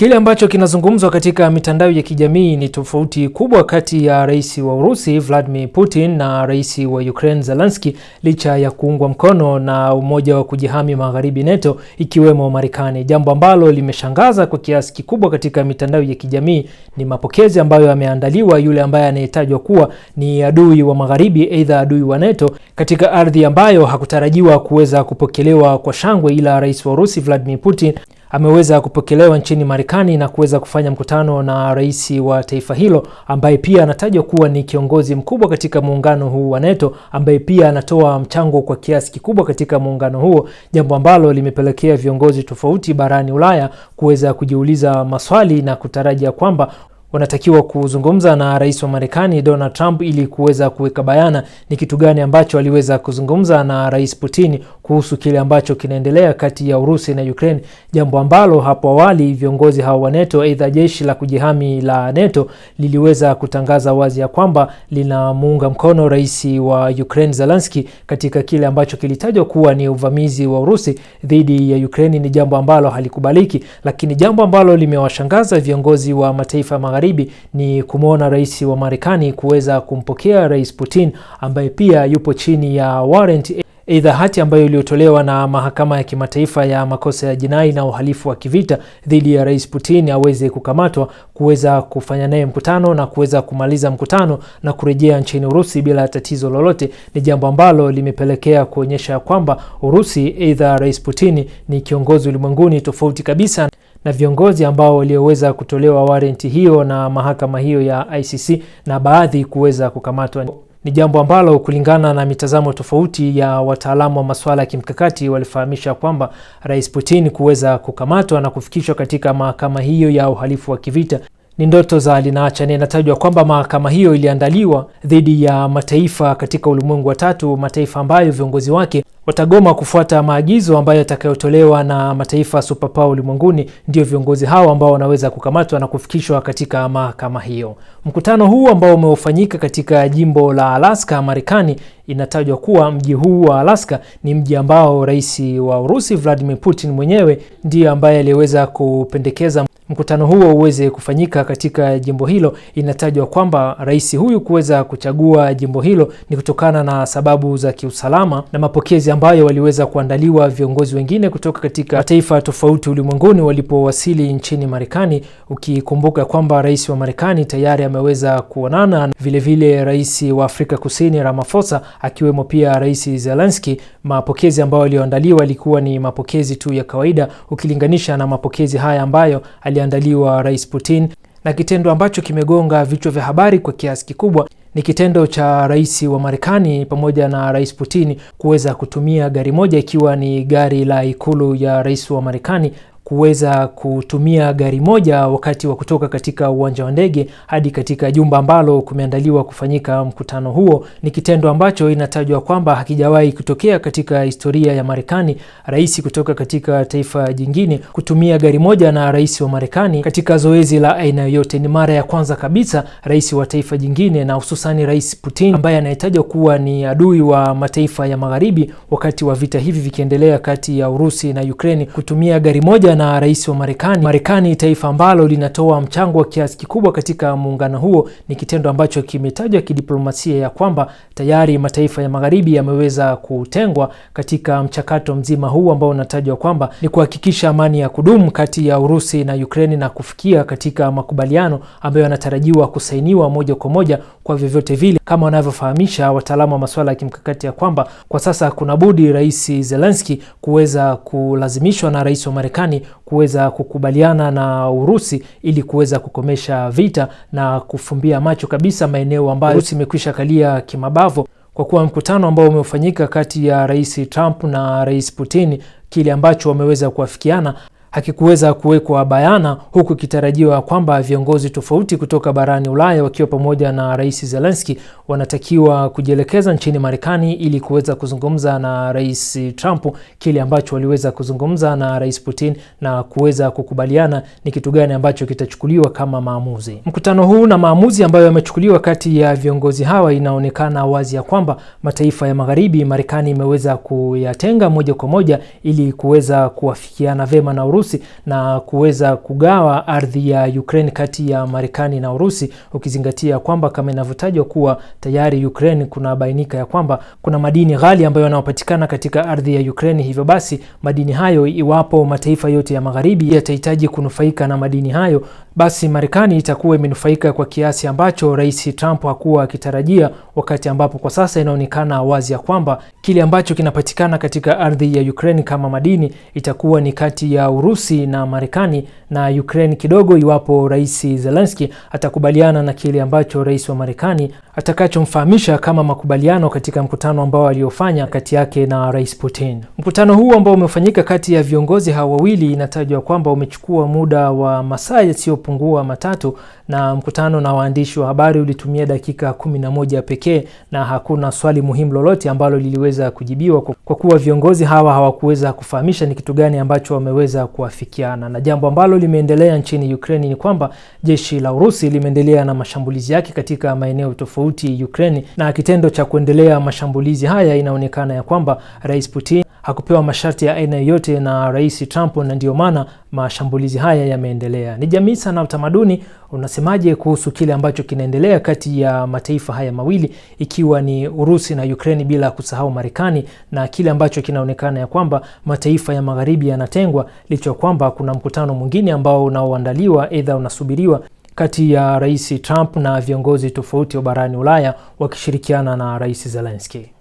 Kile ambacho kinazungumzwa katika mitandao ya kijamii ni tofauti kubwa kati ya rais wa Urusi Vladimir Putin na rais wa Ukraine Zelensky, licha ya kuungwa mkono na umoja wa kujihami magharibi NATO, ikiwemo Marekani. Jambo ambalo limeshangaza kwa kiasi kikubwa katika mitandao ya kijamii ni mapokezi ambayo yameandaliwa yule ambaye anayetajwa kuwa ni adui wa magharibi, aidha adui wa NATO, katika ardhi ambayo hakutarajiwa kuweza kupokelewa kwa shangwe, ila rais wa Urusi Vladimir Putin ameweza kupokelewa nchini Marekani na kuweza kufanya mkutano na rais wa taifa hilo ambaye pia anatajwa kuwa ni kiongozi mkubwa katika muungano huu wa NATO, ambaye pia anatoa mchango kwa kiasi kikubwa katika muungano huo, jambo ambalo limepelekea viongozi tofauti barani Ulaya kuweza kujiuliza maswali na kutarajia kwamba wanatakiwa kuzungumza na rais wa Marekani Donald Trump ili kuweza kuweka bayana ni kitu gani ambacho aliweza kuzungumza na rais Putin kuhusu kile ambacho kinaendelea kati ya Urusi na Ukraine, jambo ambalo hapo awali viongozi hao wa NATO, aidha jeshi la kujihami la NATO liliweza kutangaza wazi ya kwamba linamuunga mkono rais wa Ukraine Zelensky katika kile ambacho kilitajwa kuwa ni uvamizi wa Urusi dhidi ya Ukraine. Ni jambo ambalo halikubaliki, lakini jambo ambalo limewashangaza viongozi wa mataifa magharibi ni kumwona rais wa Marekani kuweza kumpokea rais Putin ambaye pia yupo chini ya warrant Aidha, hati ambayo iliyotolewa na mahakama ya kimataifa ya makosa ya jinai na uhalifu wa kivita dhidi ya Rais Putin aweze kukamatwa kuweza kufanya naye mkutano na kuweza kumaliza mkutano na kurejea nchini Urusi bila tatizo lolote, ni jambo ambalo limepelekea kuonyesha kwamba Urusi, aidha Rais Putin ni kiongozi ulimwenguni tofauti kabisa na viongozi ambao walioweza kutolewa warenti hiyo na mahakama hiyo ya ICC na baadhi kuweza kukamatwa. Ni jambo ambalo kulingana na mitazamo tofauti ya wataalamu wa masuala ya kimkakati walifahamisha kwamba Rais Putin kuweza kukamatwa na kufikishwa katika mahakama hiyo ya uhalifu wa kivita ni ndoto za linaacha na inatajwa kwamba mahakama hiyo iliandaliwa dhidi ya mataifa katika ulimwengu wa tatu, mataifa ambayo viongozi wake watagoma kufuata maagizo ambayo yatakayotolewa na mataifa superpower ulimwenguni. Ndio viongozi hao ambao wanaweza kukamatwa na kufikishwa katika mahakama hiyo. Mkutano huu ambao umeofanyika katika jimbo la Alaska, Marekani Inatajwa kuwa mji huu wa Alaska ni mji ambao rais wa Urusi Vladimir Putin mwenyewe ndiye ambaye aliweza kupendekeza mkutano huo uweze kufanyika katika jimbo hilo. Inatajwa kwamba rais huyu kuweza kuchagua jimbo hilo ni kutokana na sababu za kiusalama na mapokezi ambayo waliweza kuandaliwa viongozi wengine kutoka katika mataifa tofauti ulimwenguni walipowasili nchini Marekani, ukikumbuka kwamba rais wa Marekani tayari ameweza kuonana vilevile, rais wa Afrika Kusini Ramaphosa akiwemo pia Rais Zelensky. Mapokezi ambayo aliyoandaliwa alikuwa ni mapokezi tu ya kawaida ukilinganisha na mapokezi haya ambayo aliandaliwa Rais Putin, na kitendo ambacho kimegonga vichwa vya habari kwa kiasi kikubwa ni kitendo cha rais wa Marekani pamoja na Rais Putin kuweza kutumia gari moja ikiwa ni gari la ikulu ya rais wa Marekani kuweza kutumia gari moja wakati wa kutoka katika uwanja wa ndege hadi katika jumba ambalo kumeandaliwa kufanyika mkutano huo. Ni kitendo ambacho inatajwa kwamba hakijawahi kutokea katika historia ya Marekani, rais kutoka katika taifa jingine kutumia gari moja na rais wa Marekani katika zoezi la aina yoyote. Ni mara ya kwanza kabisa rais wa taifa jingine, na hususani Rais Putin ambaye anayetajwa kuwa ni adui wa mataifa ya Magharibi, wakati wa vita hivi vikiendelea kati ya Urusi na Ukraine kutumia gari moja na rais wa Marekani. Marekani, taifa ambalo linatoa mchango wa kiasi kikubwa katika muungano huo, ni kitendo ambacho kimetajwa kidiplomasia ya kwamba tayari mataifa ya magharibi yameweza kutengwa katika mchakato mzima huu ambao unatajwa kwamba ni kuhakikisha amani ya kudumu kati ya Urusi na Ukraini na kufikia katika makubaliano ambayo yanatarajiwa kusainiwa moja kwa moja. Kwa vyovyote vile, kama wanavyofahamisha wataalamu wa masuala ya kimkakati ya kwamba kwa sasa kuna budi Rais Zelensky kuweza kulazimishwa na rais wa Marekani kuweza kukubaliana na Urusi ili kuweza kukomesha vita na kufumbia macho kabisa maeneo ambayo Urusi imekwisha kalia kimabavu, kwa kuwa mkutano ambao umefanyika kati ya Rais Trump na Rais Putin, kile ambacho wameweza kuafikiana hakikuweza kuwekwa bayana, huku ikitarajiwa kwamba viongozi tofauti kutoka barani Ulaya wakiwa pamoja na Rais zelenski wanatakiwa kujielekeza nchini Marekani ili kuweza kuzungumza na Rais Trump kile ambacho waliweza kuzungumza na Rais Putin na kuweza kukubaliana ni kitu gani ambacho kitachukuliwa kama maamuzi. Mkutano huu na maamuzi ambayo yamechukuliwa kati ya viongozi hawa, inaonekana wazi ya kwamba mataifa ya magharibi, Marekani imeweza kuyatenga moja kwa moja ili kuweza kuwafikiana vema na Urusi Urusi na kuweza kugawa ardhi ya Ukraine kati ya Marekani na Urusi, ukizingatia kwamba kama inavyotajwa kuwa tayari Ukraine kuna bainika ya kwamba kuna madini ghali ambayo yanayopatikana katika ardhi ya Ukraine. Hivyo basi madini hayo, iwapo mataifa yote ya magharibi yatahitaji kunufaika na madini hayo, basi Marekani itakuwa imenufaika kwa kiasi ambacho Rais Trump hakuwa akitarajia, wakati ambapo kwa sasa inaonekana wazi ya kwamba kile ambacho kinapatikana katika ardhi ya Ukraine kama madini itakuwa ni kati ya Urusi Urusi na Marekani na Ukraine kidogo iwapo Rais Zelensky atakubaliana na kile ambacho rais wa Marekani atakachomfahamisha kama makubaliano katika mkutano ambao aliofanya kati yake na Rais Putin. Mkutano huu ambao umefanyika kati ya viongozi hawa wawili inatajwa kwamba umechukua muda wa masaa yasiyopungua matatu na mkutano na waandishi wa habari ulitumia dakika 11 pekee na hakuna swali muhimu lolote ambalo liliweza kujibiwa kwa kuwa viongozi hawa hawakuweza kufahamisha ni kitu gani ambacho wameweza kuafikiana. Na jambo ambalo limeendelea nchini Ukraine ni kwamba jeshi la Urusi limeendelea na mashambulizi yake katika maeneo tofauti Ukraine, na kitendo cha kuendelea mashambulizi haya inaonekana ya kwamba Rais Putin hakupewa masharti ya aina yoyote na Rais Trump, na ndiyo maana mashambulizi haya yameendelea. Ni jamii sana, utamaduni unasemaje kuhusu kile ambacho kinaendelea kati ya mataifa haya mawili ikiwa ni Urusi na Ukraine, bila kusahau Marekani na kile ambacho kinaonekana ya kwamba mataifa ya magharibi yanatengwa, licha ya kwamba kuna mkutano mwingine ambao unaoandaliwa, aidha unasubiriwa kati ya Rais Trump na viongozi tofauti wa barani Ulaya wakishirikiana na Rais Zelensky.